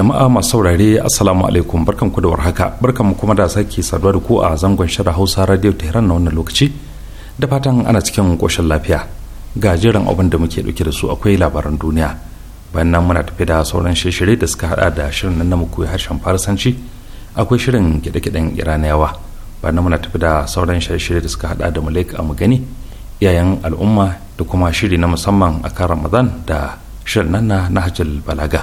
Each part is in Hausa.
jama'a masu saurare assalamu alaikum barkan ku da warhaka barkan mu kuma da sake saduwa da ku a zangon shirin hausa radio tehran na wannan lokaci da fatan ana cikin koshin lafiya ga jiran abin da muke dauke da su akwai labaran duniya bayan nan muna tafi da sauran shirye da suka hada da shirin nan namu koyi harshen farsanci akwai shirin gida-gidan iraniyawa bayan nan muna tafi da sauran shirye da suka hada da malik amugani iyayen al'umma da kuma shiri na musamman a kan ramadan da shirin nan na hajjal balaga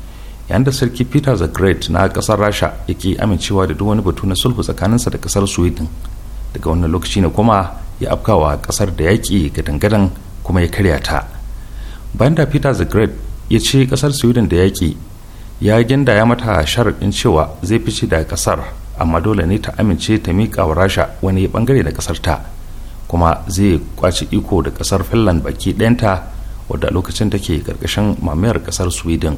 yayin da sarki peter the great na kasar rasha yake amincewa da duk wani batu na sulhu tsakaninsa da kasar sweden daga wannan lokaci ne kuma ya afkawa kasar da yaƙi gadangadan kuma ya karya ta bayan da peter the great ya ce kasar sweden da yaƙi ya ginda ya mata sharaɗin cewa zai fice da kasar amma dole ne ta amince ta miƙa wa rasha wani ɓangare da kasar ta kuma zai kwaci iko da kasar finland baki ɗayanta wadda lokacin take karkashin mamayar kasar sweden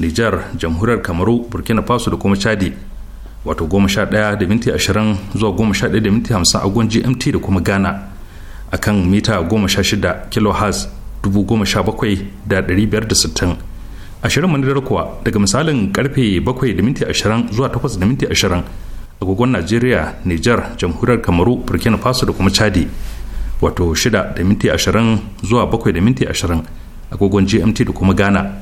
nijar jamhuriyar kamaru burkina faso da kuma chadi wato goma sha ɗaya da minti ashirin zuwa goma sha ɗaya da minti hamsin a agon gmt da kuma ghana a kan mita goma sha shida kilohertz dubu goma sha bakwai da ɗari biyar da sittin ashirin manadar kuwa daga misalin karfe bakwai da minti ashirin zuwa takwas da minti ashirin a agogon najeriya nijar jamhuriyar kamaru burkina faso da kuma chadi wato shida da minti ashirin zuwa bakwai da minti ashirin a agogon gmt da kuma ghana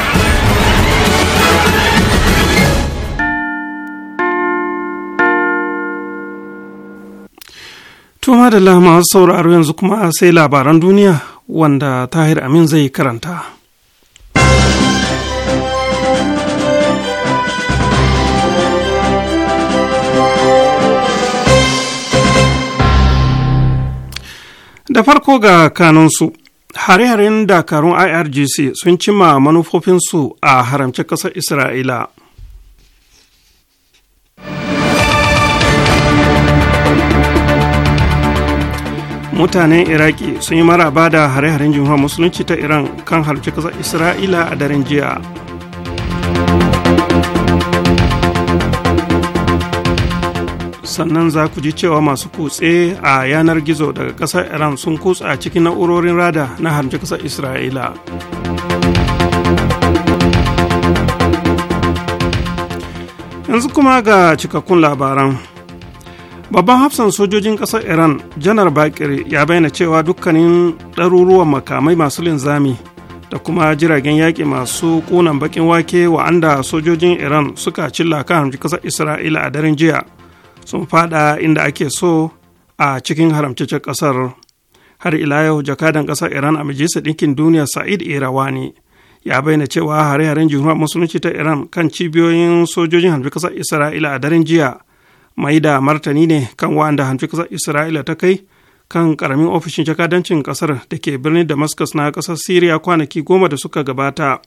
To madalla masu sauraro yanzu kuma sai labaran duniya wanda Tahir Amin zai karanta. Da farko ga kanunsu, hare-haren dakarun IRGC sun cima manufofinsu a haramce ƙasar Isra'ila. mutanen iraki sun yi maraba da hare-haren jumhuriyar musulunci ta iran kan harfi kasar isra'ila a daren jiya sannan za ku ji cewa masu kutse a yanar gizo daga kasar iran sun kutsa cikin na'urorin rada na harfi kasar isra'ila yanzu kuma ga cikakkun labaran babban hafsan sojojin ƙasar iran janar bakir ya bayyana cewa dukkanin ɗaruruwan makamai masu linzami da kuma jiragen yaƙi masu ƙunan baƙin wake wa'anda sojojin iran suka cilla kan haramci ƙasar isra'ila a daren jiya sun fada inda ake so a cikin haramcicin ƙasar har ila yau jakadan ƙasar iran a majalisar ɗinkin duniya sa'id irawani ya bayyana cewa hare-haren jihuwar musulunci ta iran kan cibiyoyin sojojin haramci kasar isra'ila a daren jiya mai da martani ne kan wanda hamci kasar isra'ila ta kai kan karamin ofishin jakadancin ƙasar da ke birnin damascus na ƙasar syria kwanaki goma da suka gabata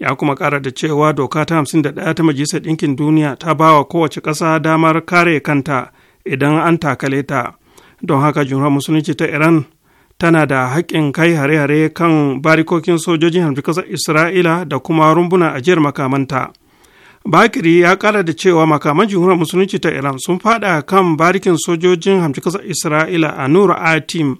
ya kuma kara da cewa doka ta hamsin da 51 ta majalisar ɗinkin duniya ta ba wa kowace ƙasa damar kare kanta idan an takale ta don haka jumhuriyar musulunci ta iran tana da haƙƙin kai hare-hare kan barikokin sojojin hamshi kasar isra'ila da kuma rumbuna ajiyar makamanta bakiri ya kara da cewa makaman jihunar musulunci ta iran sun fada kan barikin sojojin hamci kasar isra'ila a nur atim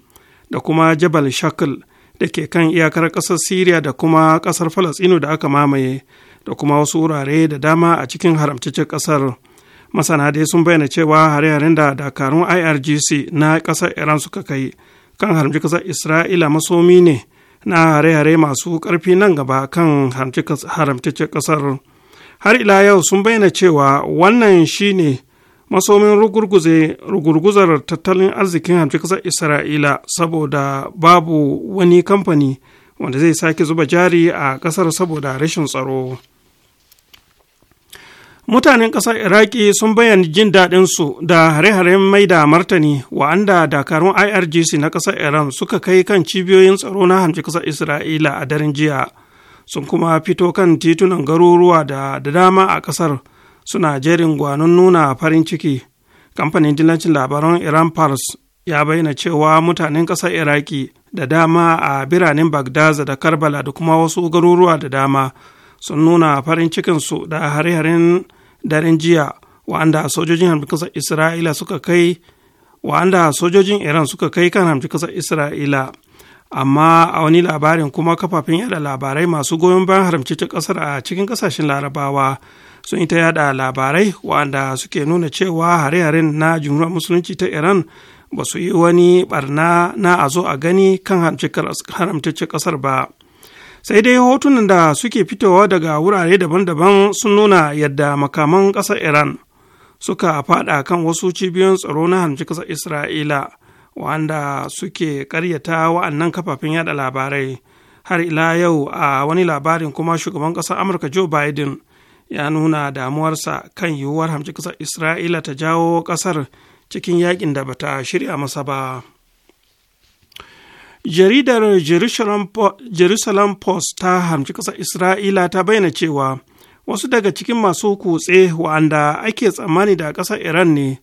da kuma jabal shakil da ke kan iyakar kasar syria da kuma kasar falastinu da aka mamaye da kuma wasu wurare da dama a cikin haramtaccen kasar masana dai sun bayyana cewa hare-haren da dakarun irgc na kasar iran suka kai kan haramci isra'ila masomi ne na hare-hare masu karfi nan gaba kan haramtaccen kasar har ila yau sun bayyana cewa wannan shi ne masomin rugurguzar tattalin arzikin hamshin ƙasar isra'ila saboda babu wani kamfani wanda zai sake zuba jari a ƙasar saboda rashin tsaro mutanen ƙasar iraki sun bayyana jin daɗinsu da hare-haren mai da martani wa'anda dakarun irgc na ƙasar iran suka kai kan cibiyoyin tsaro na hamshin kasar isra'ila a daren jiya sun kuma fito kan titunan garuruwa da dama a ƙasar suna jerin gwanon nuna farin ciki kamfanin dillancin labaran iran pars ya bayyana cewa mutanen ƙasar iraki da dama a biranen bagdaza da karbala da kuma wasu garuruwa da dama sun nuna farin cikinsu da hare-haren daren jiya wa'anda sojojin isra'ila suka kai wa'anda sojojin iran suka kai kan hamdi kasar isra'ila amma a wani labarin kuma kafafen yada labarai masu goyon bayan haramci ta kasar a cikin kasashen larabawa sun ta yada labarai wanda suke nuna cewa hare-haren na jumhuriyar musulunci ta iran ba su yi wani barna na a zo a gani kan haramci kasar ba sai dai hotunan da suke fitowa daga wurare daban-daban sun nuna yadda makaman kasar iran suka fada kan wasu cibiyoyin tsaro na haramci kasar isra'ila wanda suke karyata wa'annan kafafen yada labarai har ila yau a wani labarin kuma shugaban ƙasar amurka joe biden ya nuna damuwarsa kan yiwuwar hamci ƙasar isra'ila ta jawo ƙasar cikin yakin da bata shirya masa ba jaridar jerusalem post ta hamci ƙasar isra'ila ta bayyana cewa wasu daga cikin masu kutse wa'anda ake tsammani da ƙasar iran ne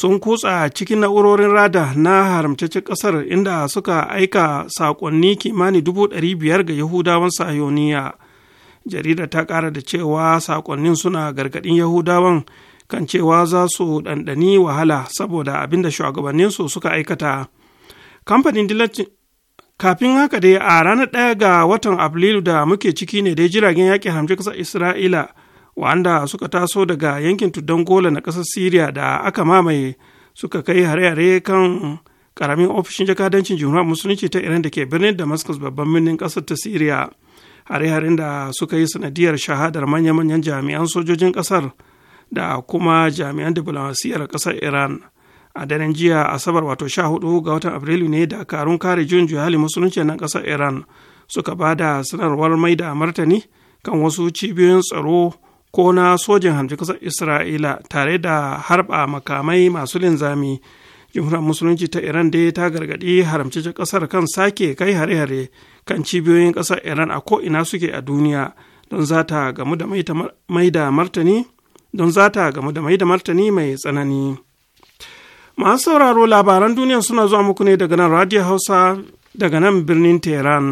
sun kutsa cikin na'urorin rada na haramtaccen kasar inda suka aika saƙonni kimanin dubu ɗari biyar ga yahudawan sayoniya jarida ta ƙara da cewa saƙonnin suna gargaɗin yahudawan kan cewa za su ɗanɗani wahala saboda abin da shugabanninsu suka aikata kamfanin dillacin kafin haka dai a ranar ɗaya ga watan afrilu da muke ciki ne dai jiragen yaƙin hamshe ƙasar isra'ila wanda suka taso daga yankin tuddan gola na ƙasar syria da aka mamaye suka kai hare-hare kan karamin ofishin jakadancin jumhuriyar musulunci ta iran da ke birnin damascus babban birnin ƙasar ta syria hare-haren da suka yi sanadiyar shahadar manya-manyan jami'an sojojin ƙasar da kuma jami'an diflomasiyyar ƙasar iran a daren jiya asabar wato 14 ga watan afrilu ne da karun kare juyin juhali musulunci na ƙasar iran suka ba da sanarwar mai da martani kan wasu cibiyoyin tsaro ko na sojin hamsin kasar isra'ila tare da harba makamai masu linzami jimhuriyar musulunci ta iran dai ta gargaɗi haramci ƙasar kan sake kai hare-hare kan cibiyoyin ƙasar iran a ko'ina suke a duniya don za ta gamu da mai da martani don za gamu da mai da martani mai tsanani masu sauraro labaran duniya suna zuwa muku ne daga nan radio hausa daga nan birnin tehran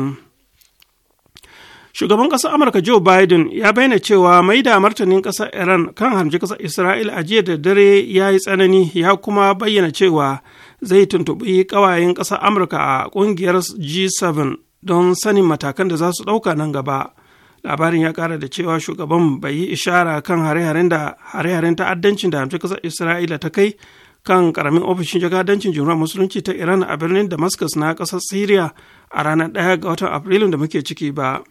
Shugaban ƙasar Amurka Joe Biden ya bayyana cewa mai da martanin ƙasar Iran kan harbi ƙasar Isra'ila a jiya da dare ya yi tsanani ya kuma bayyana cewa zai tuntuɓi ƙawayen ƙasar Amurka a ƙungiyar G7 don sanin matakan da za su ɗauka nan gaba. Labarin ya ƙara da cewa shugaban bai yi ishara kan hare-haren da hare-haren ta'addancin da hamci ƙasar Isra'ila ta kai kan ƙaramin ofishin jagadancin jumhuriyar musulunci ta iran a birnin damascus na ƙasar syria a ranar ɗaya ga watan afrilun da muke ciki ba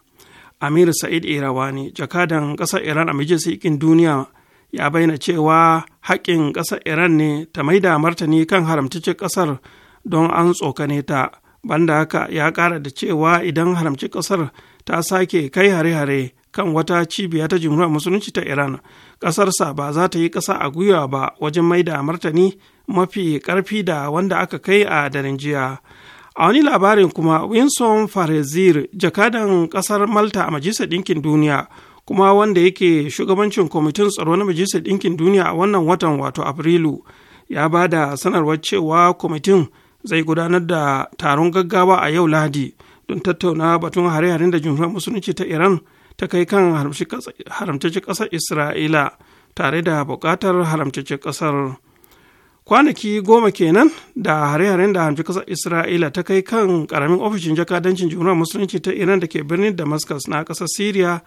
amir sa'id irawani jakadan ƙasar iran a majalisar ikin duniya ya bayyana cewa haƙƙin ƙasar iran ne ta maida martani kan haramtace ƙasar don an tsokane ta banda haka ya ƙara da cewa idan haramci ƙasar ta sake kai hare-hare kan wata cibiya ta jumhuriyar musulunci ta iran ƙasarsa ba za ta yi ƙasa a gwiwa ba wajen maida martani mafi ƙarfi da wanda aka kai a daren jiya a wani labarin kuma winson farezir jakadan kasar malta a majalisar dinkin duniya kuma wanda yake shugabancin kwamitin tsaro na majalisar dinkin duniya a wannan watan wato afrilu ya ba da sanarwar cewa kwamitin zai gudanar da taron gaggawa a yau lahadi don tattauna batun hare-haren da jumhuriyar musulunci ta iran ta kai kan haramtacce kasar isra'ila tare da buƙatar haramtacce kasar. kwanaki goma kenan da hare-haren da hamfi kasar isra'ila ta kai kan karamin ofishin jakadancin jimuran musulunci ta iran da ke birnin damascus na kasar syria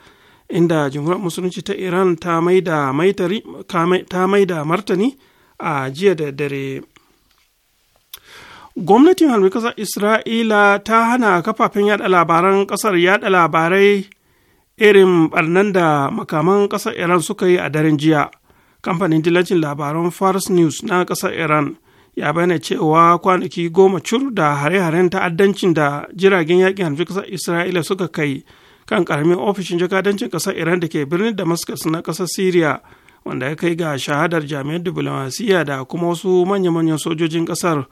inda jimuran musulunci ta iran ta mai da martani a jiya da dare gwamnatin halmi kasar isra'ila ta hana kafafen yada labaran kasar yada labarai irin barnan da makaman kasar iran suka yi a daren jiya kamfanin dillacin labaran fars news na ƙasar iran ya bayyana cewa kwanaki goma cur da hare-haren ta'addancin da jiragen yakin harfi ƙasar isra'ila suka kai kan ƙaramin ofishin jakadancin ƙasar iran da ke birnin damascus na ƙasar syria wanda ya kai ga shahadar jami'an diplomasiyya da kuma wasu manya-manyan sojojin ƙasar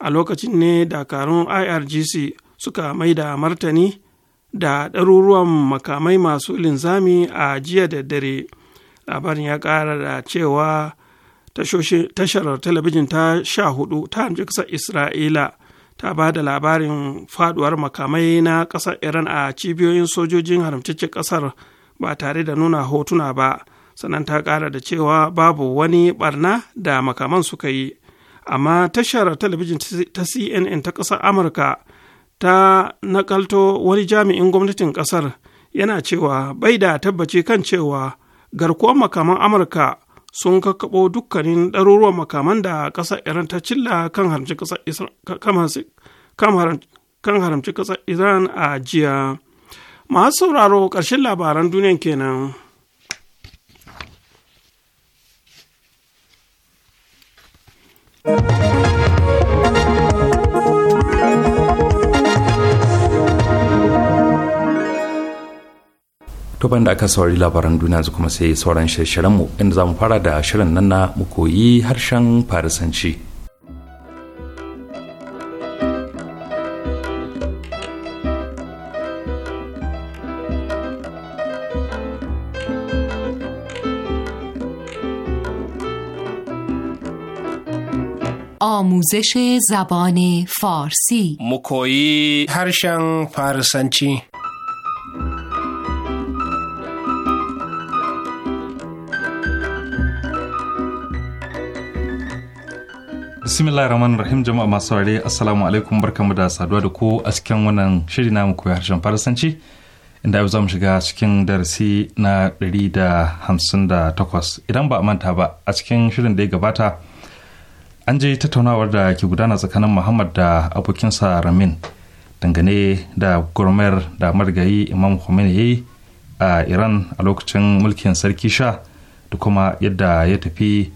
a lokacin ne dakarun irgc suka mai da martani da ɗaruruwan makamai masu linzami a jiya da dare. labarin ya kara da cewa tashar talabijin ta sha hudu ta hanci kasar isra'ila ta ba da labarin faduwar makamai na kasar iran a cibiyoyin sojojin haramtaccen kasar ba tare da nuna hotuna ba sannan ta kara da cewa babu wani barna da makaman suka yi amma tashar talabijin ta cnn ta kasar amurka ta nakalto wani jami'in gwamnatin kasar yana cewa bai da tabbaci kan cewa garkuwar makaman amurka sun kakkaɓo dukkanin ɗaruruwan makaman da ƙasar iran ta cilla kan haramci ƙasar iran a jiya masu sauraro ƙarshen labaran duniyan kenan. thank you to da aka saurari labaran duniya zu kuma sai sauran shirye mu inda za mu fara da shirin nan na mu koyi harshen farisanci آموزش زبان فارسی مکویی هرشن فارسنچی bismillah rahman rahim jama'a masu saurare assalamu alaikum barkamu da saduwa da ku a cikin wannan shiri na koyi harshen farasanci inda yau za mu shiga cikin darasi na 158 idan ba a manta ba a cikin shirin da ya gabata an je tattaunawar da ke gudana tsakanin muhammad da abokinsa ramin dangane da gurmer da marigayi imam khomeini ya yi a iran a lokacin mulkin sarki sha da kuma yadda ya tafi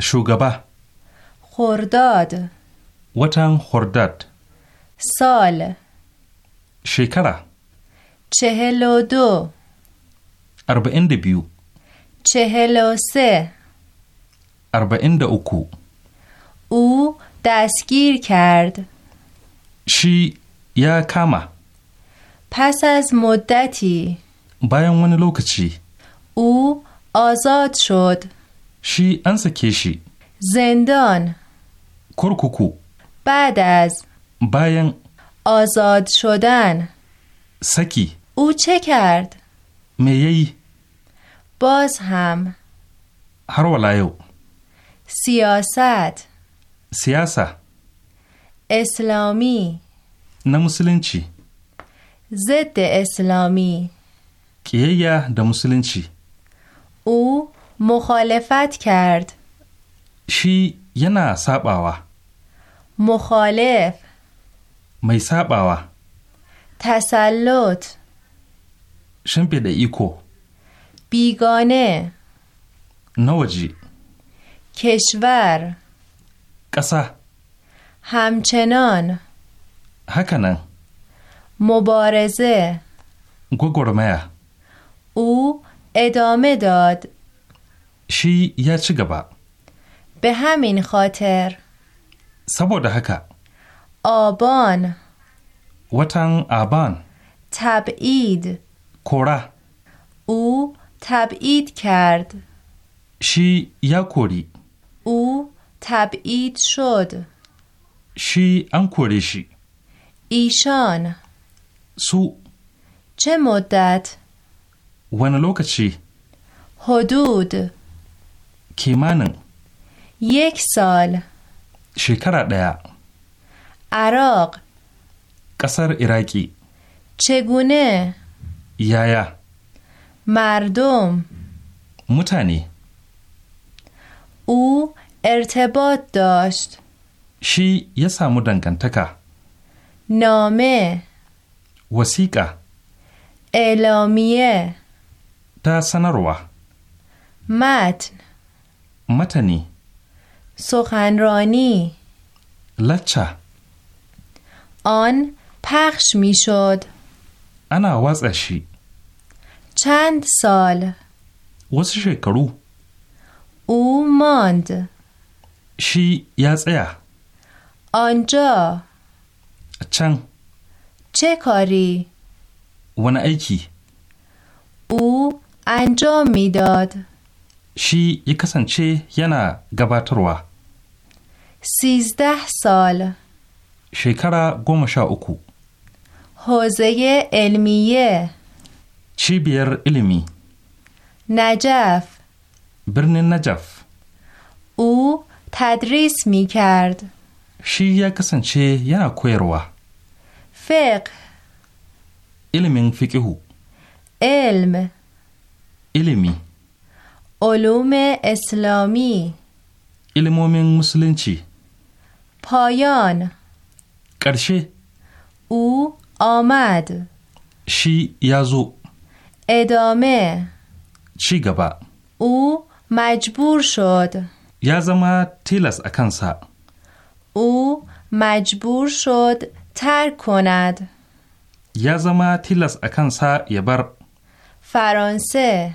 شوگبه خورداد وطن خورداد سال شکره چهل و دو اربعین بیو چهل و سه اربعین اوکو او دستگیر کرد شی یا کاما پس از مدتی باید ونی لوکچی او آزاد شد Shi an sake shi. Zendon. Kurkuku. Badaz. Bayan. Azad shodan. Saki. Ucekad. ce Me yayi? Boz ham. Har wala yau. Siyasat. Siyasa. Islami. Na musulunci. Zidda Islami. Ƙiyayya da musulunci. U. مخالفت کرد شی ینا ساباوا مخالف می ساباوا تسلط شمپیده ایکو بیگانه نوجی کشور قصه همچنان هکنن مبارزه گوگرمه او ادامه داد shi ya ci gaba. Behamin, hamin khater. Saboda haka. Obon. Watan Aban. Tab'id. Kora. U tab'id kard. Shi ya kori. U tab'id shod. Shi an kore shi. Ishan. Su. Ce muddat? Wani lokaci. Hudud. kimanin yek shekara ɗaya arok ƙasar iraki cegune yaya mardum mutane u ertebot dasht shi ya samu dangantaka Nome. wasiƙa Elomiye. ta sanarwa Mat! متنی سخنرانی لچه آن پخش می شد انا وزشی چند سال وزش کرو او ماند شی یزعه آنجا چن چه کاری؟ ون ایکی او انجام میداد. شی یا چه ینا روه سیزده سال شکر گمشا اکو حوزه علمیه چی بیر علمی نجف برن نجف او تدریس می کرد شی یا چه ینا کویروا فقه علم فقهو علم علمی علوم اسلامی علمومن مسلمچی پایان کرشه او آمد شی یازو ادامه چی گبا او مجبور شد یازما تیلس اکنسا او مجبور شد ترک کند یازما تیلس اکنسا یبر فرانسه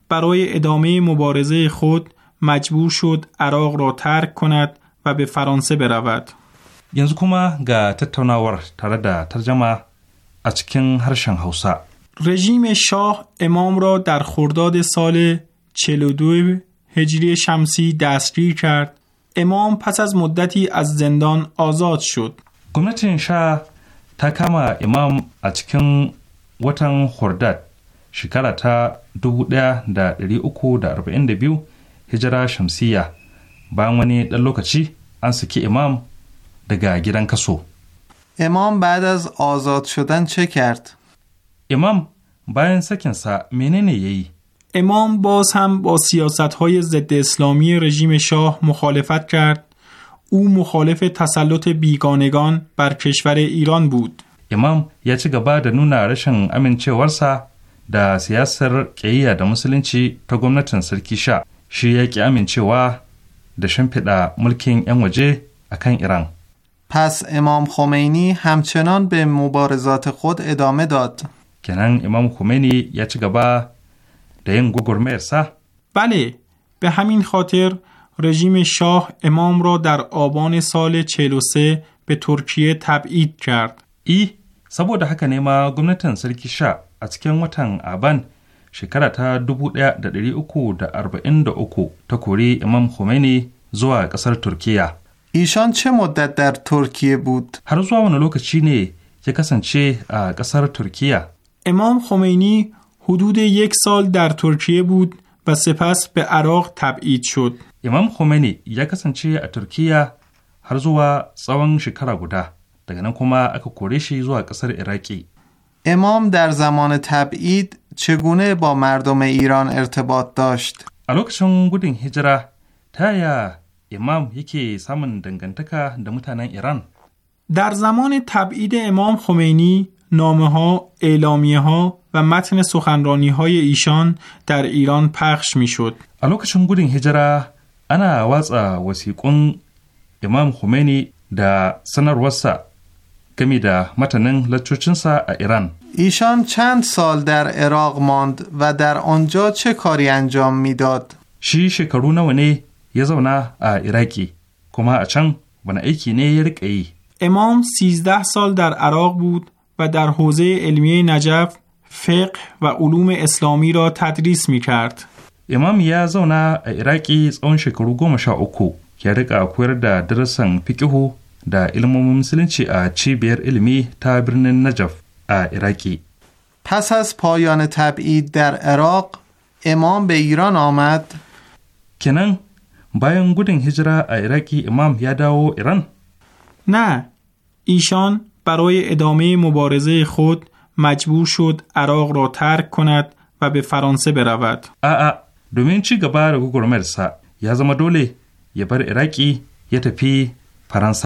برای ادامه مبارزه خود مجبور شد عراق را ترک کند و به فرانسه برود. yanzu kuma گا تتوناور تردا ترجمه اچکن رژیم شاه امام را در خرداد سال 42 هجری شمسی دستگیر کرد. امام پس از مدتی از زندان آزاد شد. gwamnatin شاه تکما امام اچکن وطن خرداد shekara ta در hijira shamsiyya هجره wani ɗan lokaci an saki imam امام بعد از آزاد شدن چه کرد؟ امام باین مننه امام باز هم با سیاست های ضد اسلامی رژیم شاه مخالفت کرد او مخالف تسلط بیگانگان بر کشور ایران بود امام یا چی گبا da امن چه ورسه؟ da siyasar ƙiyayya da musulunci ta gwamnatin sarki sha shi ya ƙi amincewa da shimfiɗa mulkin 'yan waje a kan Iran. پس امام خمینی همچنان به مبارزات خود ادامه داد. کنن امام خمینی یا چگبا ده این بله به همین خاطر رژیم شاه امام را در آبان سال 43 به ترکیه تبعید کرد. ای saboda haka ne ma gwamnatin sarki sha a cikin watan aban shekara ta 1343 ta kori imam khomeini zuwa ƙasar turkiya Ishan ce modadar turkiya but har zuwa wani lokaci ne ya kasance a ƙasar Turkiya. imam Khomeini حدود یک sal dar turkiya بود و سپس به عراق تبعید شد. Imam Khomeini ya kasance a Turkiya har zuwa tsawon shekara guda. daga nan اک aka kore shi امام در زمان تبعید چگونه با مردم ایران ارتباط داشت؟ الوکشن گودین هجره یا امام یکی سامن دنگنتکا دمتان ایران در زمان تبعید امام خمینی نامه ها، اعلامیه ها و متن سخنرانی های ایشان در ایران پخش می شد. چون گودین هجره انا واسا وسیقون امام خمینی در سنر وسا کمی ده متنن لچوچنسا ایران ایشان چند سال در عراق ماند و در آنجا چه کاری انجام میداد؟ شی شکرو و یه زونه ایراکی کما اچن و ایکی نه یرک ای امام 13 سال در عراق بود و در حوزه علمیه نجف فقه و علوم اسلامی را تدریس می کرد. امام یا زونه ایراکی از اون گم گمشا اکو که رقا کویر در درسن da ilmomin musulunci a cibiyar ilimi ta birnin najaf a پس از پایان تبعید در عراق امام به ایران آمد کنن باین گودن هجرا ایراکی امام یاداو ایران نه ایشان برای ادامه مبارزه خود مجبور شد عراق را ترک کند و به فرانسه برود ا دومین چی گبا یا زما دوله یه بر ایراکی یه تپی فرانسه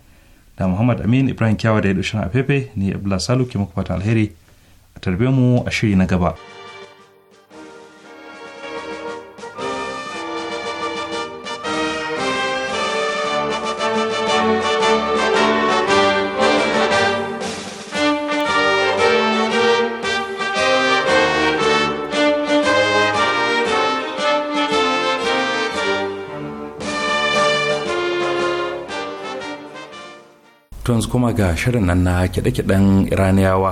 da muhammad amin ibrahim kyawa da ya dushin a afefe ni abdullahi salu ke muku fata alheri a tarbe mu a shiri na gaba. kuma ga shirin nan na kiɗe-kiɗen iraniyawa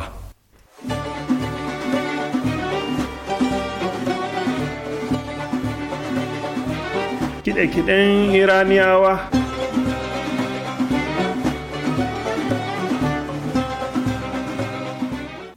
kiɗe-kiɗen iraniyawa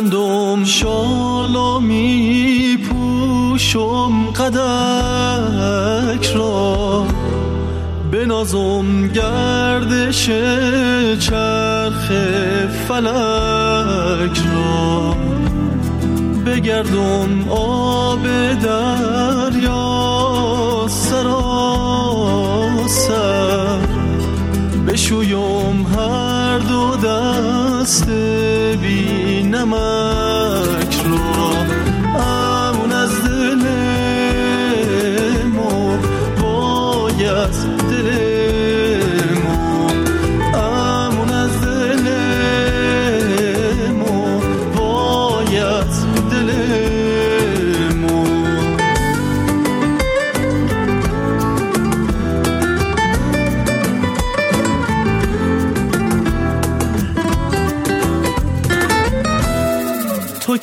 گندم شالا می پوشم قدک را به نازم گردش چرخ فلک را بگردم آب دریا سراسر بشویم هر دو دست بی 吗？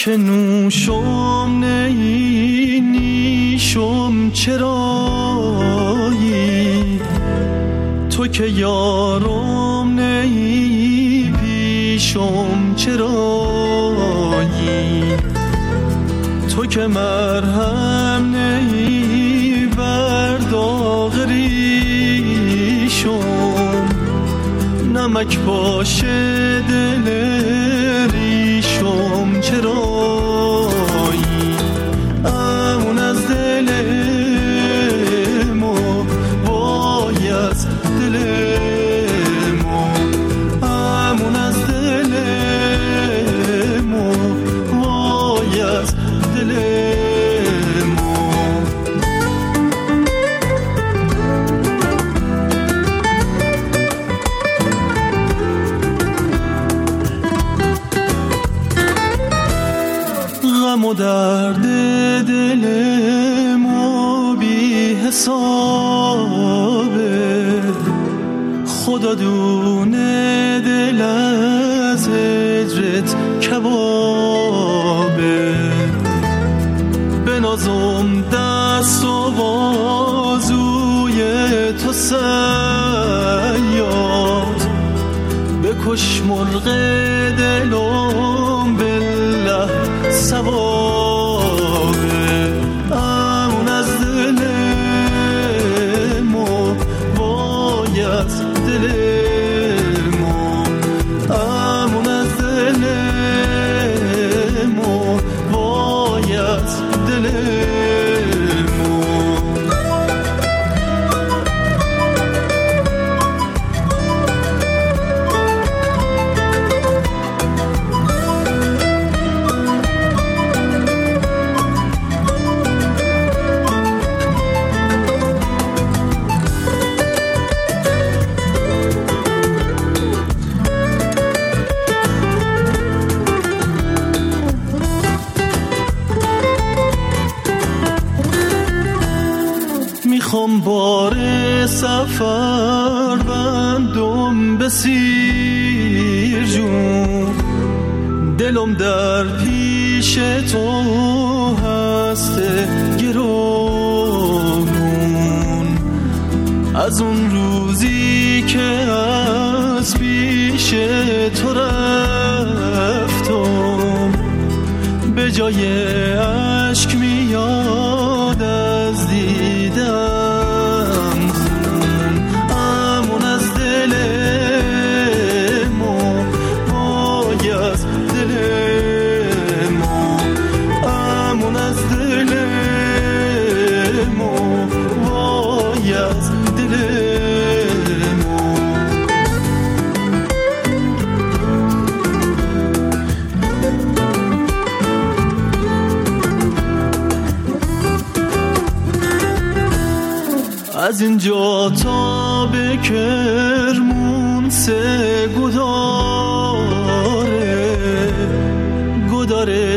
که نوشم نی نیشم چرایی تو که یارم نی پیشم چرایی تو که مرهم نی بر داغ نمک باشه دلم خوابه خدا دونه دل از هجرت کبابه به نازم دست و وازوی تو سیاد بکش مرغ دلم بالله سواد در پیش تو هست گرون از اون روزی که از پیش تو رفتم به جای جا تا به کرمون سه گداره گداره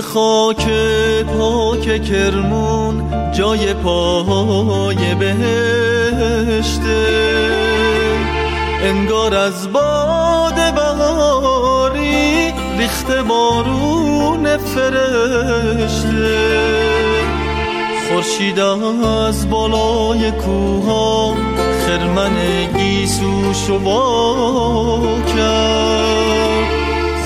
خاک پاک کرمون جای پاهای بهشته انگار از باد بهاری ریخته بارون فرشته خورشید از بالای کوها خرمن گیسو شوا کرد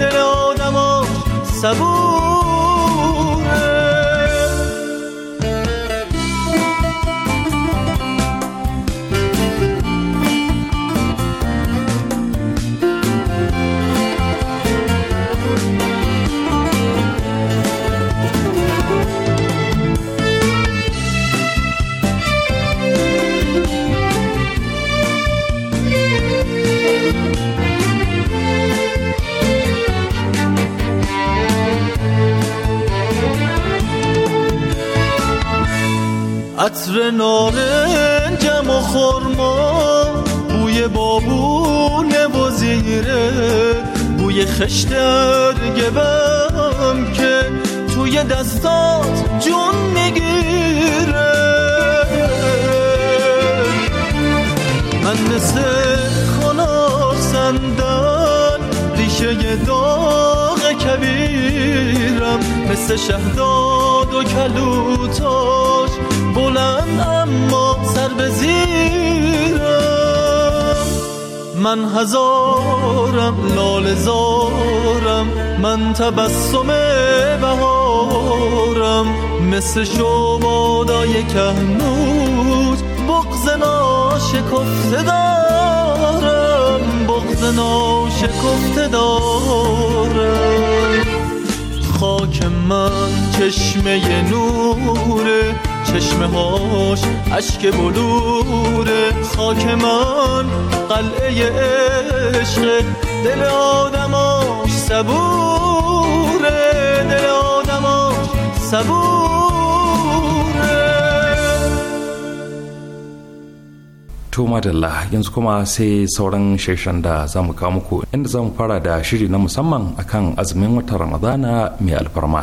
دل آدم تبسم بهارم مثل شبادای که نور بغز ناشکفته دارم بغز ناشکفته دارم خاک من چشمه نوره چشمه هاش عشق بلوره خاک من قلعه عشق دل آدماش صبور صبوره da آدماش yanzu kuma sai sauran sheshen da za mu kawo muku inda za mu fara da shiri na musamman akan azumin watan ramadana mai alfarma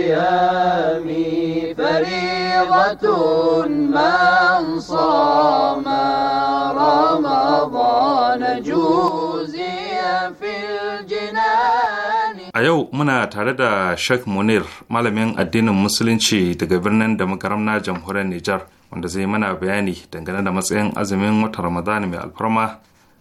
من صام رمضان جوزي في الجنان A yau muna tare da Sheikh Munir, malamin addinin Musulunci daga birnin da makaram na jamhuriyar Nijar, wanda zai mana bayani dangane da matsayin azumin wata Ramadan mai alfarma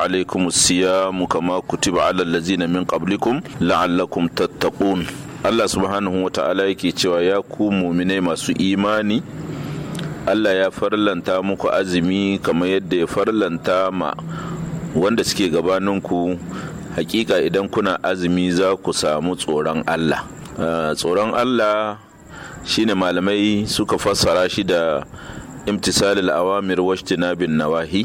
alaikum الصيام كما kutiba على الذين min قبلكم la'allakum تتقون Allah subhanahu wa ta'ala yake cewa ya ku muminai masu imani Allah ya farlanta muku azumi kamar yadda ya farlanta ma wanda suke gabaninku hakika idan kuna azumi za ku samu tsoron Allah ah, tsoron Allah shine malamai suka fassara shi da imtisalil awamir washtina bin nawahi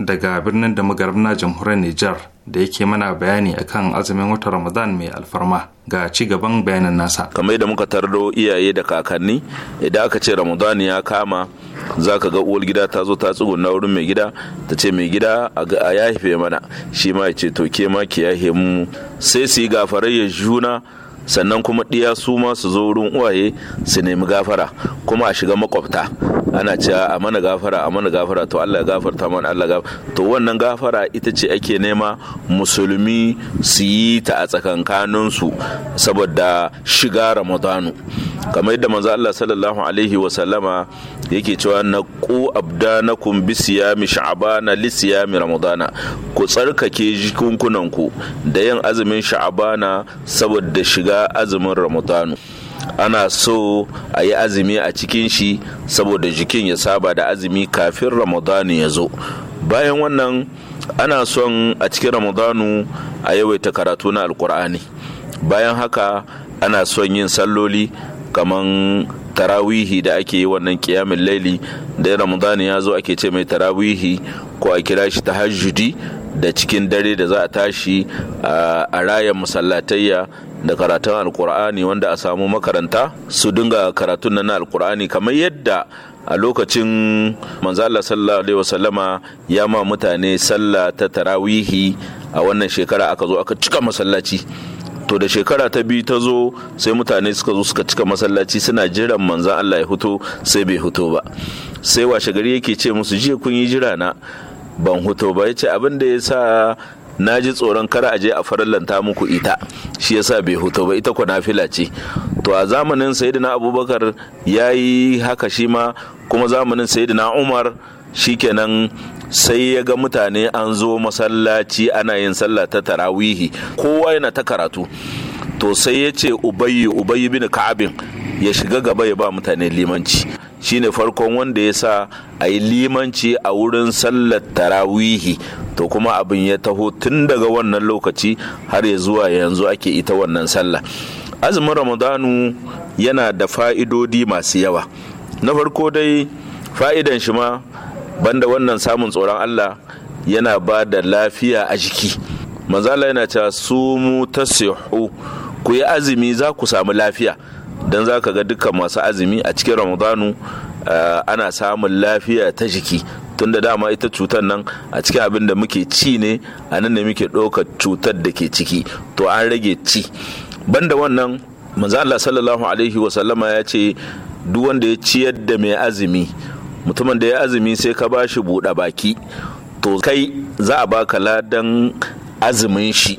daga birnin da magarab na jamhuriyar Nijar da yake mana bayani akan azumin watan Ramadan mai alfarma ga ci gaban bayanin nasa. Kamar da muka tardo iyaye da kakanni idan aka ce Ramadan ya kama zaka ga uwar gida ta zo ta tsuguna wurin mai gida ta ce mai gida a yahife mana shi ma ya ce to ke ma ki yahe mu sai su yi gafarayya juna sannan kuma ɗiya su ma su zo wurin uwaye su nemi gafara kuma a shiga makwabta ana cewa a mana gafara a mana gafara to Allah ya gafarta mana Allah gafara to wannan gafara ita ce ake nema musulmi su yi ta a su saboda shiga ramadanu kamar yadda manzo Allah sallallahu alaihi wa sallama yake cewa na naqu abdanakum bi siyami sha'bana li siyami ramadana ku tsarkake jikunkunan ku da yin azumin sha'bana saboda shiga azumin ramadanu ana so a yi azumi a cikin shi saboda jikin ya saba da azumi kafin ramadanu ya zo bayan wannan ana son a cikin ramadanu a yawaita karatu na alkur'ani bayan haka ana son yin salloli kaman tarawihi da ake yi wannan kiyamin laili da ramadan ya zo ake ce mai tarawihi ko a kira shi ta tahajjudi da cikin dare da za a tashi a rayan masallatayya da karatun alkur'ani wanda a samu makaranta su dinga karatun nan alkur'ani kamar yadda a lokacin manzala sallallahu alaihi wasallama ya ma mutane sallah ta tarawihi a wannan shekara aka zo aka cika masallaci to da shekara ta biyu ta zo sai mutane suka zo suka cika masallaci suna jiran manzan Allah ya huto sai bai huto ba sai washe gari yake ce musu jiya kun yi jira na ban huto ba ya ce abin da ya sa na ji tsoron kar a je a farallanta muku ita shi ya sa bai huto ba ita ku nafila ce to a zamanin sayidina abubakar ya yi haka shi ma kuma zamanin sayidina umar shikenan sai ya ga mutane an zo masallaci ana yin sallah ta tarawihi kowa yana ta karatu to sai ya ce ubayi ubayi bin ka'abin ya shiga gaba ya ba mutane limanci shine farkon wanda ya sa a yi limanci a wurin sallar tarawihi to kuma abin ya taho tun daga wannan lokaci har ya zuwa yanzu ake ita wannan sallah azumin ramadanu yana da fa'idodi masu yawa na farko dai fa'idan shi ma banda wannan samun tsoron Allah yana ba da lafiya a jiki manzala yana cewa su mu ta ku yi azumi za ku samu lafiya don za ka ga duka masu azumi a cikin ramadanu eh, ana samun lafiya ta jiki tunda dama ita cutar nan a cikin abin da muke ci ne a nan ne muke ɗaukar cutar da ke ciki to an rage ci banda wannan manzo Allah sallallahu alaihi wasallama ya ce duk wanda ya ciyar da mai azumi mutumin da ya azumi sai ka ba shi buɗa baki to kai za a baka ladan azumin shi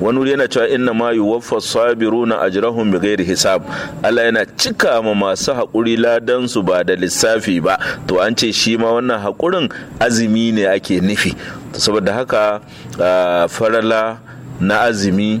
wani wuri yana cewa inna ma yuwaffa ajirahun ajrahum gairi hisab Allah yana cika ma masu haƙuri ladan su ba da lissafi ba to an ce shi ma wannan haƙurin azumi ne ake nufi saboda haka ah, farala na azumi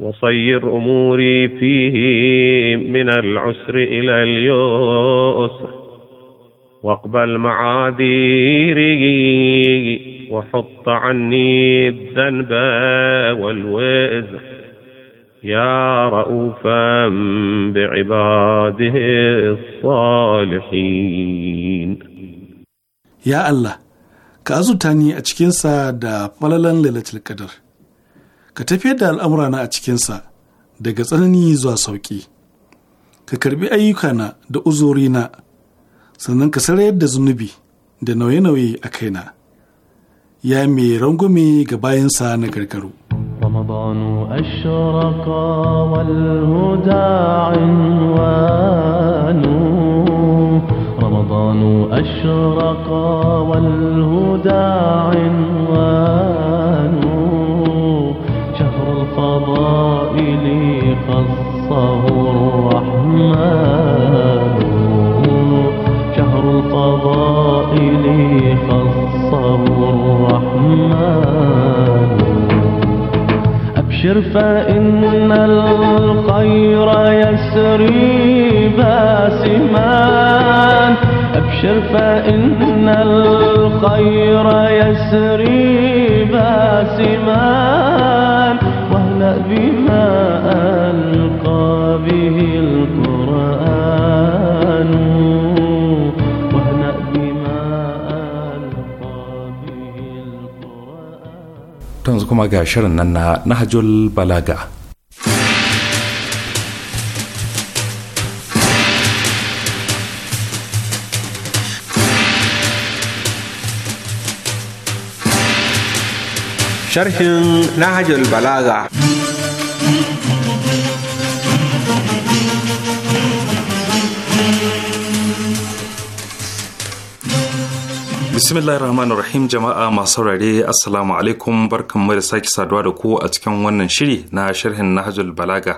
وصير أموري فيه من العسر إلى اليسر واقبل معاذيري وحط عني الذنب والوزر يا رؤوفا بعباده الصالحين يا الله كازو تاني ni a cikinsa ليلة القدر ka tafiyar da al'amurana a cikinsa daga tsanani zuwa sauƙi ka karbi ayyukana da uzurina sannan ka sarayar da zunubi da nauye-nauye a kaina ya mai rangume ga bayansa na karkaru رمضان أشرق والهدى عنوان رمضان أشرق والهدى عنوان طه الرحمن شهر الفضائل خصه الرحمن أبشر فإن الخير يسري باسما أبشر فإن الخير يسري باسما واهلأ بما أنا kuma ga shirin nan na Nahjul Balaga. Sharhin Nahjul Balaga. bismillahir rahmanir rahim jama'a masu saurare assalamu alaikum mu da sake saduwa da ku a cikin wannan shiri na sharhin nahjul balaga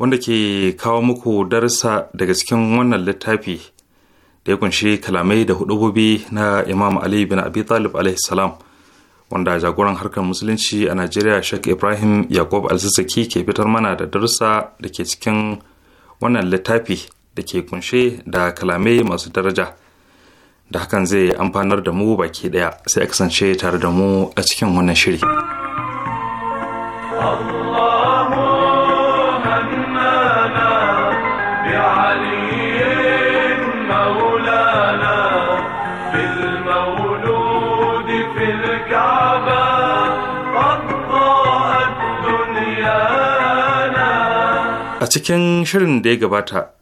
wanda ke kawo muku darsa daga cikin wannan littafi da ya kunshi kalamai da hudububi na imam ali bin abi talib alaihi salam wanda jagoran harkar musulunci a najeriya shek ibrahim yakub alzizaki ke fitar mana da darussa da ke cikin wannan littafi da ke kunshe da kalamai masu daraja da hakan zai amfanar da mu baki daya sai kasance tare da mu a cikin wannan shiri. A cikin shirin da ya gabata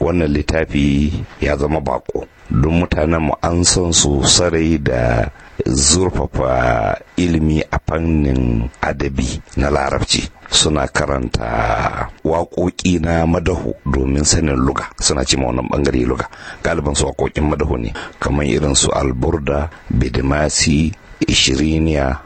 wannan littafi ya zama bako don mutanen mu an son su sarai da zurfafa ilimi a fannin adabi na larabci suna karanta waƙoƙi na madahu domin sanin luga suna ci ma wannan bangare luga galiban su waƙoƙin madahu ne kamar irin su alburda bidimasi ishiriniya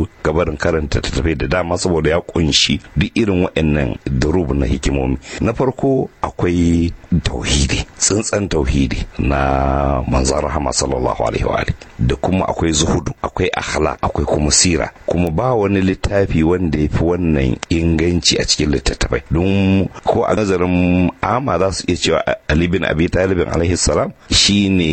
gabarin karanta tattafai da dama saboda ya kunshi duk irin waɗannan durub na hikimomi na farko akwai tauhidi tsintsan tauhidi na manzon rahama sallallahu alaihi wa da kuma akwai zuhudu akwai akhlaq akwai kuma sira kuma ba wani littafi wanda ya fi wannan inganci a cikin littattafai don ko a nazarin ama za su iya cewa ali bin abi talibin alaihi salam shine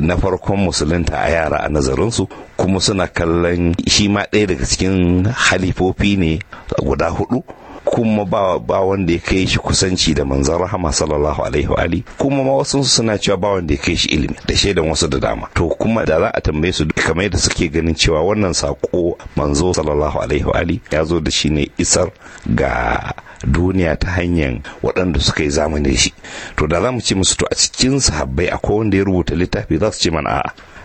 na farkon musulunta a yara a nazarin su. kuma suna kallon shi ma ɗaya daga cikin halifofi ne guda hudu kuma ba ba wanda ya kai shi kusanci da manzon rahama sallallahu alaihi wa ali kuma ma wasu suna cewa ba wanda ya kai shi ilimi da shaidan wasu da dama to kuma da za a tambaye su kamar yadda suke ganin cewa wannan sako manzo sallallahu alaihi wa ali ya zo da shi ne isar ga duniya ta hanyar waɗanda suka yi zamani shi to da za mu ce musu to a cikin sahabbai akwai wanda ya rubuta littafi za su ce mana a'a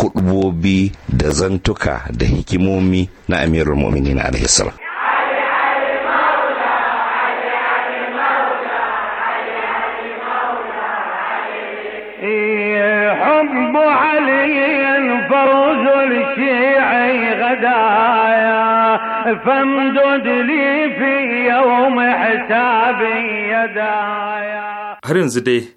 hudbobi da zantuka da hikimomi na amirul mu'minin alaihi har yanzu dai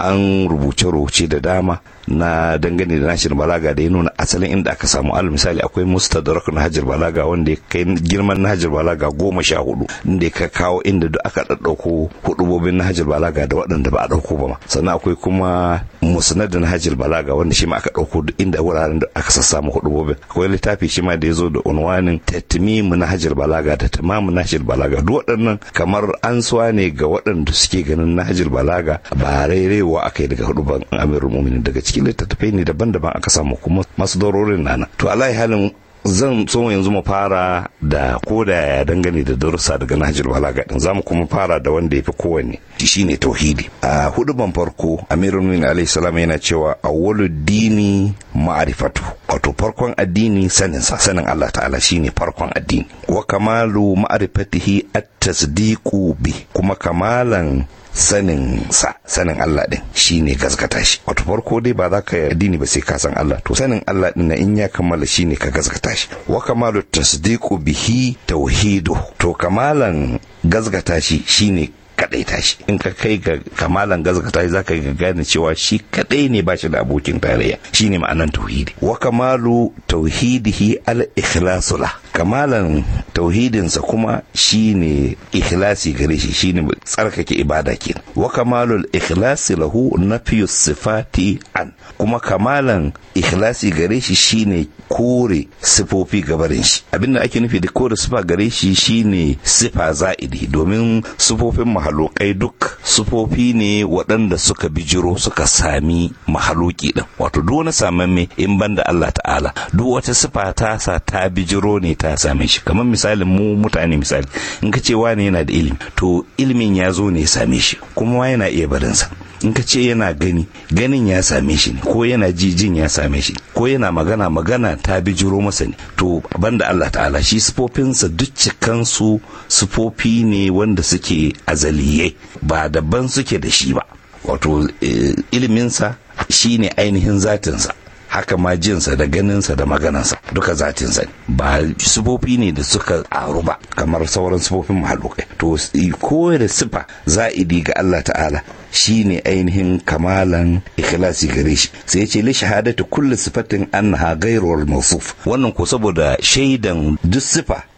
an rubuce-rubuce da dama na dangane da nashin balaga da ya nuna asalin inda aka samu al misali akwai mustadrak na hajjar balaga wanda ya kai girman na hajjar balaga goma sha hudu inda ya kawo inda duk aka ɗaɗɗauko hudubobin na hajjar balaga da waɗanda ba a ɗauko ba ma sannan akwai kuma musnad na hajjar balaga wanda shi ma aka ɗauko duk inda wuraren da aka sassamu hudubobin akwai littafi shi ma da ya zo da unwanin tatmimu na hajjar balaga da tamamu na hajjar balaga duk waɗannan kamar an suwa ne ga waɗanda suke ganin na hajjar balaga ba rairewa cirewa aka yi daga hudu ban amirul mu'minin daga cikin littattafai ne daban-daban aka samu kuma masu dororin nana to alai halin zan so yanzu mu fara da koda ya dangane da darussa daga nahjul balaga din zamu kuma fara da wanda yafi kowanne shine tauhidi a hudu ban farko amirul mu'minin alayhi salam yana cewa awwalu dini ma'rifatu wato farkon addini sanin sa sanin Allah ta'ala shine farkon addini wa kamalu ma'rifatihi at-tasdiqu bi kuma kamalan sanin sa sanin Allah din shine gaskata shi wato farko dai ba za ka addini ba sai ka san Allah to sanin Allah din na in ya kammala shine ka gaskata shi wa kamalu tasdiqu bihi tauhidu to kamalan gaskata shi shine kadai tashi in ka kai ga kamalan gazgata za zaka ga gane cewa shi kadai ne ba shi da abokin tarayya shine ma'anan tauhidi wa kamalu tauhidihi al ikhlasu kamalan tauhidinsa kuma shine ikhlasi gare shi shine tsarkake ibada ke wa kamalul ikhlasi lahu nafiyu sifati an kuma kamalan ikhlasi gare shi shine kore sifofi gabarin shi abinda ake nufi da kore sifa gare shi shine sifa za'idi domin sifofin mahalokai duk sifofi ne waɗanda suka bijiro suka sami mahaloki din wato duk wani samamme in banda Allah ta'ala duk wata sifa ta sa ta bijiro ne ta same shi kamar misalin mu mutane misali in ka ce wani yana da ilimi to ilimin ya zo ne ya same shi kuma yana iya barinsa in ka ce yana gani ganin ya same shi ko yana jijin ya same shi ko yana magana magana ta bijiro masa ne to banda Allah ta'ala shi sufofinsa duk cikansu sufofi ne wanda suke azaliye ba daban suke da shi ba wato eh, iliminsa shine ne ainihin zatinsa haka ma jinsa da ganinsa da maganansa duka zatin zatinsa ba sufofi ne da suka aru ba kamar sauran sufofin mahalukai to ko za sifa za'idi ga Allah ta'ala shi ne ainihin kamalan ikhlasi gare shi sai ce li shahadatu kulli sifatin annaha ghayrul mawsuf wannan ko saboda shaidan duk sifa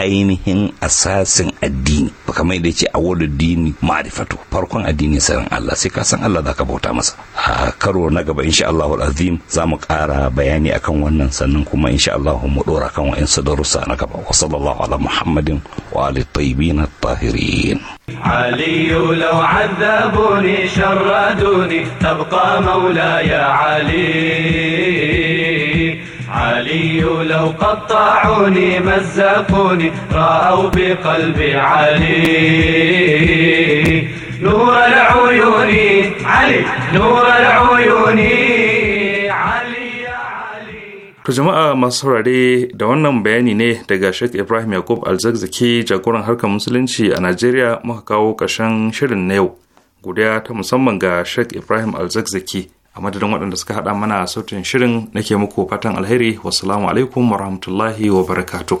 ainihin asasin addini ba kamar yadda ce a wadda dini ma'arifatu farkon addini sanin Allah sai ka san Allah ka bauta masa a karo na gaba insha Allahu azim za mu ƙara bayani akan wannan sannan kuma insha Allahu mu dora kan wa'insu darussa na gaba wa sallallahu ala muhammadin wa ali tayyibin at-tahirin علي لو عذبوني شردوني تبقى مولاي علي لو قطعوني مزقوني رأوا بقلبي علي نور العيون علي نور العيون jama'a masu saurare da wannan bayani ne daga Sheikh Ibrahim Yakub Alzakzaki jagoran harkar musulunci a Najeriya muka kawo ƙarshen shirin na yau. Godiya ta musamman ga Sheikh Ibrahim Alzakzaki a madadin waɗanda suka haɗa mana sautin shirin nake muku fatan alheri wasu alaikum warahmatullahi barakatuh.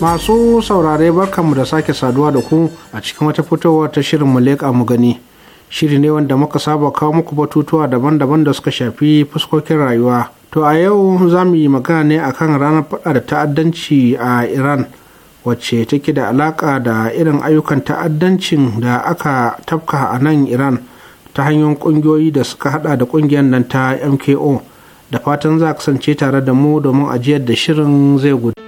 masu saurare barkanmu da sake saduwa da ku a cikin wata fitowa ta shirin muleka mu gani shiri ne wanda muka saba kawo muku batutuwa daban-daban da suka shafi fuskokin rayuwa to a yau za mu yi magana ne a kan ranar fada da ta'addanci a iran wacce take da alaka da irin ayyukan ta'addancin da aka tafka a nan iran ta hanyoyin ƙungiyoyi da suka hada da kungiyar nan ta mko da fatan za kasance tare da mu domin ajiyar da shirin zai gudu.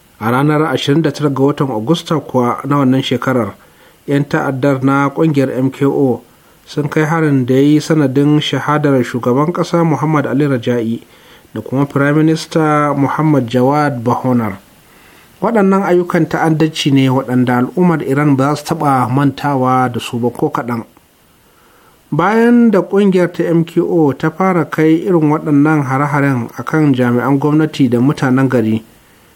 a ranar 29 ga watan agusta kuwa na wannan shekarar 'yan ta'addar na kungiyar mko sun kai harin da ya yi sanadin shahadar shugaban kasa muhammad ali raja'i da kuma firaminista muhammad jawad bahonar waɗannan ayyukan ta'addanci ne waɗanda al'ummar iran ba za su taɓa mantawa da su ba ko kaɗan bayan da ƙungiyar ta mko ta fara kai irin waɗannan hare-haren a kan jami'an gwamnati da mutanen gari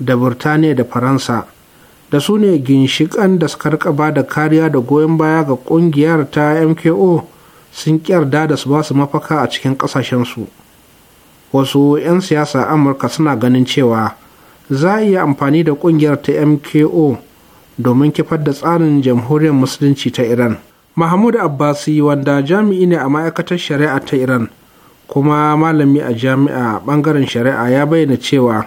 da burtaniya da faransa da su ne ginshikan da suka ba da kariya da goyon baya ga kungiyar ta mko sun kyarda da su basu mafaka a cikin kasashensu wasu 'yan siyasa amurka suna ganin cewa za a iya amfani da kungiyar ta mko domin kifar da tsarin jamhuriyar musulunci ta iran mahmud abbasi wanda jami'i ne a ma'aikatar shari'a ta iran kuma malami a jami'a bangaren shari'a ya bayyana cewa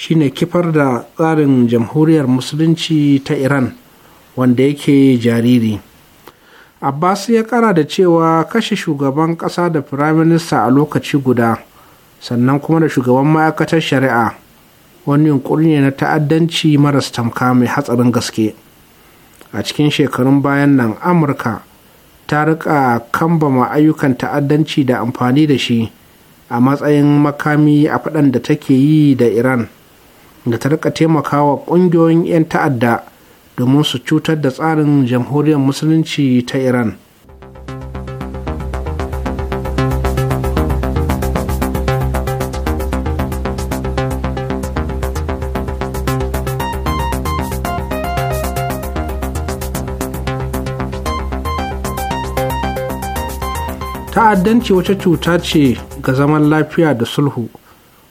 shine kifar da tsarin jamhuriyar musulunci ta iran wanda yake jariri abbas ya kara da cewa kashe shugaban kasa da firaminista a lokaci guda sannan kuma da shugaban ma'aikatar shari'a wani yunkuri ne na ta'addanci maras tamka mai hatsarin gaske a cikin shekarun bayan nan amurka ta rika kambama ayyukan ta'addanci da amfani da shi a matsayin makami a faɗan da take yi da iran da ta rika taimakawa ƙungiyoyin 'yan ta'adda domin su cutar da tsarin jamhuriyar musulunci ta iran ta'addanci wata cuta ce ga zaman lafiya da sulhu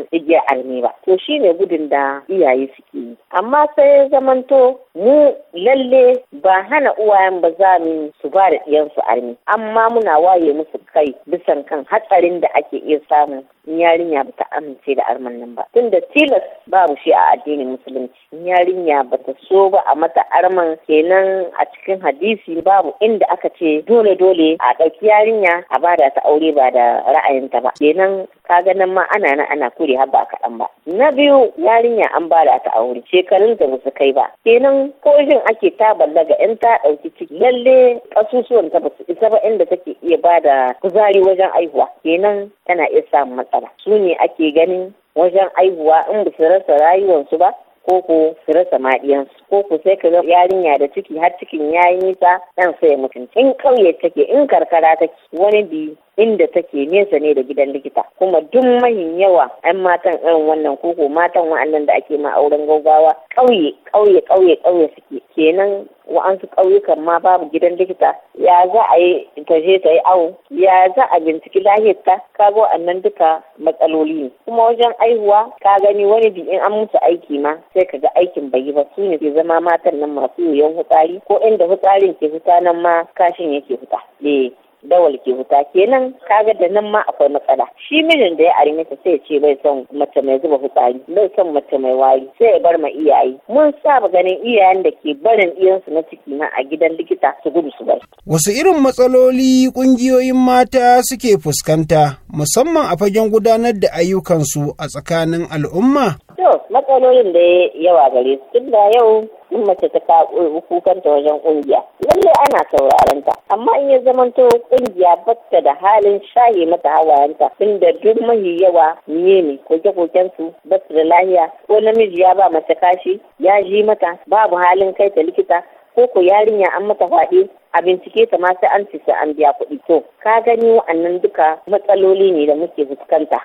gudun igiyar ba to shine gudun da iyaye suke yi amma sai zamanto mu lalle ba hana uwayen ba za mu su ba da su arme amma muna waye musu kai bisan kan hatsarin da ake iya samu yarinya ba ta amince da arman nan ba tunda tilas babu shi a addinin musulunci yarinya bata so ba a mata arman kenan a cikin hadisi babu inda aka ce dole dole a ɗauki yarinya a bada ta aure ba da ra'ayinta ba kenan ka ganin ma ana nan ana kure har ba kaɗan ba na biyu yarinya an bada ta aure shekarun da basu kai ba kenan ko ake ta ga in ta ɗauki ciki lalle ƙasusuwan ta ba su isa ba inda take iya bada kuzari wajen aihuwa kenan tana iya samun matsala ba su ne ake ganin wajen aihuwa in ba su rasa rayuwarsu ba ko ko su rasa maɗiyansu ko ku sai ka ga yarinya da ciki har cikin yayi nisa ɗan sai mutum in ƙauye take in karkara take wani bi inda take nesa ne da gidan likita kuma duk mahin yawa an matan irin wannan koko matan wa'annan da ake ma auren gaugawa ƙauye ƙauye ƙauye ƙauye suke kenan wa'ansu ƙauyukan ma babu gidan likita ya za a yi ta je ta yi awo ya za a binciki lahiyarta ka ga wa'annan duka matsaloli ne kuma wajen aihuwa ka gani wani bi in an mutu aiki ma sai ka ga aikin bai yi ba su ne ke zama matan nan masu yoyon fitsari ko inda fitsarin ke fita nan ma kashin yake fita. Eh. dawal ke wuta kenan kaga da nan ma akwai matsala shi mijin da ya ari mata sai ce bai son mace mai zuba fitsari bai son mace mai wari sai ya bar ma iyaye mun saba ganin iyayen da ke barin iyansu na ciki na a gidan likita su gudu su bai wasu irin matsaloli kungiyoyin mata suke fuskanta musamman a fagen gudanar da ayyukansu a tsakanin al'umma To, matsalolin da ya yawa gare su tun da yau in mace ta ta wajen kungiya. Lallai ana sauraron ta, amma in ya zamanto kungiya bata da halin shaye mata hawayenta inda duk mahi yawa niye ne koke-koken su basu da lahiya ko namiji ya ba mace kashi ya ji mata babu halin kai ta likita ko ko yarinya an mata faɗi a bincike ta masu sai an ci sai an biya kuɗi to ka gani wa'annan duka matsaloli ne da muke fuskanta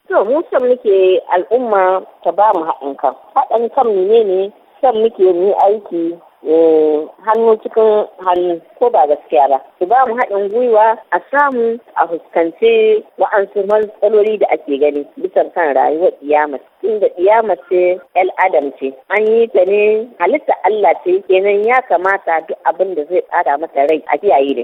To mu san muke al'umma ta ba mu haɗin kan. Haɗin kan ne ne san muke mu aiki eh, hannu cikin hannu ko ba gaskiya ba. Ku ba mu haɗin gwiwa a samu a fuskanci wa'ansu matsaloli da ake gani bisa kan rayuwar ƙiyamar. Inda ƙiyamar ce ‘yal Adam ce, an yi ta ne halitta Allah ce kenan ya kamata duk abin da zai ƙara mata rai a kiyaye da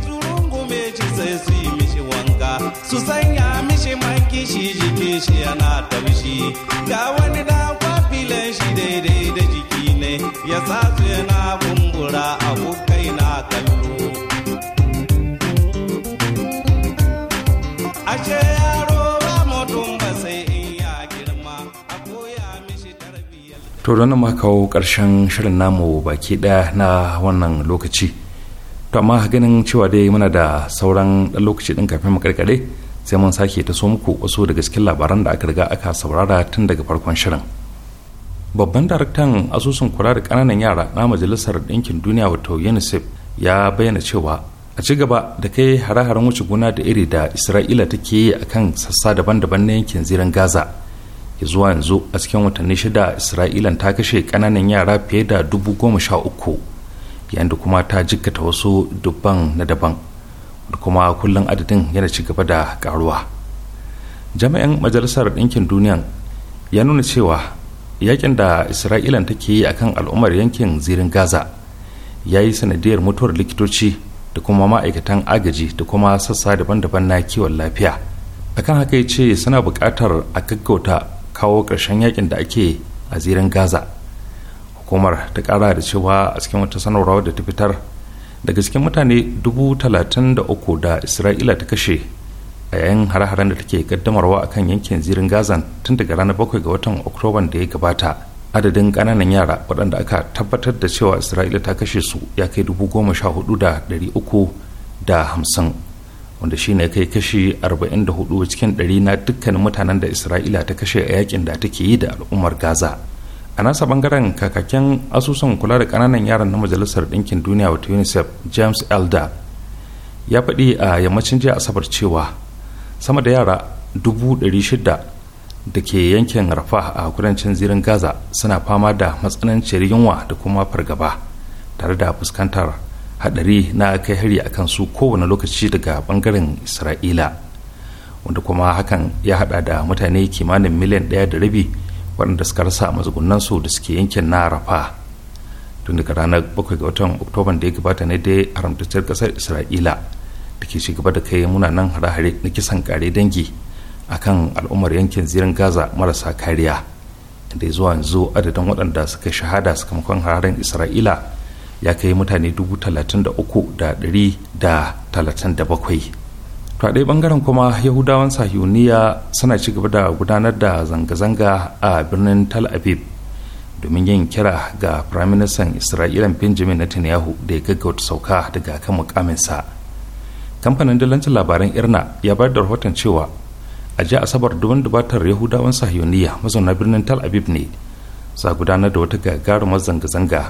su sanya mishi maki shi jike shi yana taushi ga wani da kwafilan shi daidai da jiki ne ya sa su yana kumbura abokai na kallo ashe yaro ba mutum ba sai in ya girma a koya mishi tarbiyyar to don ma kawo karshen shirin namu baki daya na wannan lokaci to amma ganin cewa dai muna da sauran ɗan lokaci din kafin mu karkare sai mun sake ta so muku wasu daga cikin labaran da aka riga aka saurara tun daga farkon shirin babban daraktan asusun kula da kananan yara na majalisar ɗinkin duniya wato unicef ya bayyana cewa a ci gaba da kai hare-haren wuce gona da iri da isra'ila take yi a kan sassa daban-daban na yankin zirin gaza zuwa yanzu a cikin watanni shida isra'ilan ta kashe kananan yara fiye da dubu goma sha uku yayin da kuma ta jikkata wasu dubban na daban da kuma kullum adadin yana ci gaba da karuwa jami'an majalisar ɗinkin duniya ya nuna cewa yakin da isra'ila take yi akan al'ummar yankin zirin gaza ya yi sanadiyar mutuwar likitoci da kuma ma'aikatan agaji da kuma sassa daban-daban na kiwon lafiya akan haka ya ce suna buƙatar a gaggauta kawo ƙarshen yakin da ake a zirin gaza hukumar ta kara da cewa a cikin wata sanarwa da ta fitar daga cikin mutane dubu talatin da uku da isra'ila ta kashe a yayin hare-haren da take kaddamarwa a kan yankin zirin gazan tun daga ranar bakwai ga watan oktoban da ya gabata adadin kananan yara waɗanda aka tabbatar da cewa isra'ila ta kashe su ya kai dubu goma sha hudu da ɗari uku da hamsin wanda shi ne kai kashi hudu cikin ɗari na dukkanin mutanen da isra'ila ta kashe a yakin da take yi da al'ummar gaza a nasa bangaren kakakken asusun kula da kananan yaran na majalisar ɗinkin duniya wato unicef james elder ya faɗi a yammacin jiya asabar cewa sama da yara dubu shida da ke yankin rafa a kudancin zirin gaza suna fama da matsananciyar yunwa da kuma fargaba tare da fuskantar hadari na kai hari a su kowane lokaci daga bangaren isra'ila wanda kuma hakan ya hada da mutane kimanin miliyan ɗaya da rabi waɗanda suka rasa a su da suke yankin na rafa tun daga ranar 7 ga watan oktoban da ya gabata ne dai a ramtacciyar ƙasar isra'ila da ke shigaba da kai munanan hare-hare na kisan kare dangi a kan al'ummar yankin zirin gaza marasa kariya da zuwa yanzu adadin waɗanda suka shahada sakamakon hararen isra'ila ya kai mutane dubu to a ɗaya bangaren kuma yahudawan sahiyuniya suna ci gaba da gudanar da zanga-zanga a birnin tal aviv domin yin kira ga firaministan isra'ila benjamin netanyahu da ya gaggauta sauka daga kan mukaminsa kamfanin dalancin labaran irna ya bayar da rahoton cewa a jiya asabar domin dubatar yahudawan sahiyuniya mazauna birnin tal aviv ne za gudanar da wata gagarumar zanga-zanga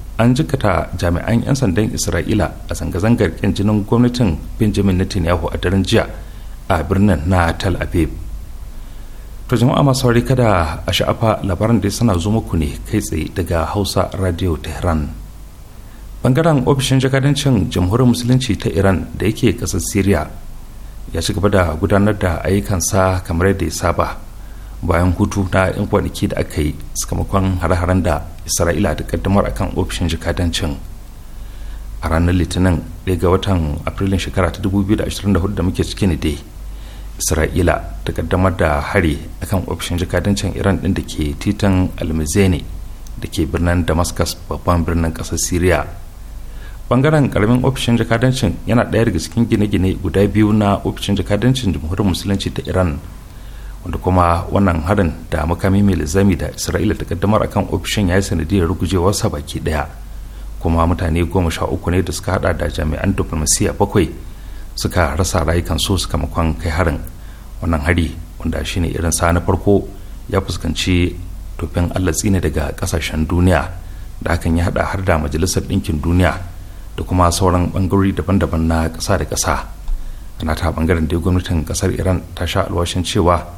an jikata jami'an 'yan sandan isra'ila a zanga-zangar yan jinin gwamnatin benjamin netanyahu a daren jiya a birnin na tel aviv to jama'a masu wari kada a sha'afa labaran da suna zo muku ne kai tsaye daga hausa radio tehran bangaren ofishin jakadancin jamhuriyar musulunci ta iran da yake kasar syria ya ci gaba da gudanar da ayyukansa kamar yadda ya saba bayan hutu na 'yan kwanaki da aka yi sakamakon hare-haren da isra'ila ta kaddamar akan ofishin jikadancin a ranar litinin ɗaya ga watan afrilun shekara ta 2024 da muke ciki ne dai isra'ila ta kaddamar da hari akan ofishin jikadancin iran ɗin da ke titan almazene da ke birnin damascus babban birnin kasar syria bangaren karamin ofishin jikadancin yana ɗaya daga cikin gine-gine guda biyu na ofishin jikadancin jamhuriyar musulunci ta iran wanda kuma wannan harin da makami mai lizami da isra'ila ta kaddamar akan ofishin ya yi sanadiyar rugujewarsa baki daya kuma mutane goma sha uku ne da suka hada da jami'an diplomasiya bakwai suka rasa rayukan su suka makon kai harin wannan hari wanda shine irin sa na farko ya fuskanci tofin allah tsine daga kasashen duniya da hakan ya hada har da majalisar ɗinkin duniya da kuma sauran bangarori daban-daban na ƙasa da ƙasa ana ta bangaren da gwamnatin ƙasar iran ta sha alwashin cewa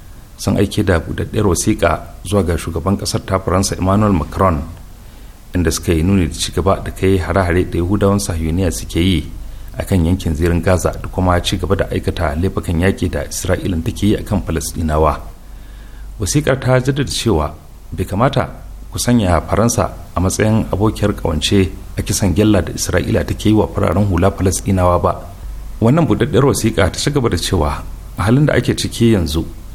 sun aike da budaddiyar wasiƙa zuwa ga shugaban ƙasar ta faransa emmanuel macron inda suka yi nuni da ci gaba da kai hare-hare da yahudawan sahuniya suke yi a kan yankin zirin gaza da kuma ci gaba da aikata laifukan yaƙi da isra'ila take yi a kan falasɗinawa wasiƙar ta jaddada cewa bai kamata ku sanya faransa a matsayin abokiyar ƙawance a kisan gyalla da isra'ila take yi wa fararen hula falasɗinawa ba wannan buɗaɗɗiyar wasiƙa ta ci gaba da cewa a halin da ake ciki yanzu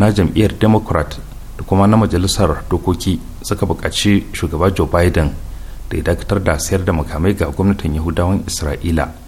na jam'iyyar democrat da kuma na majalisar dokoki suka buƙaci shugaba joe biden da ya dakatar da sayar da makamai ga gwamnatin yahudawan isra'ila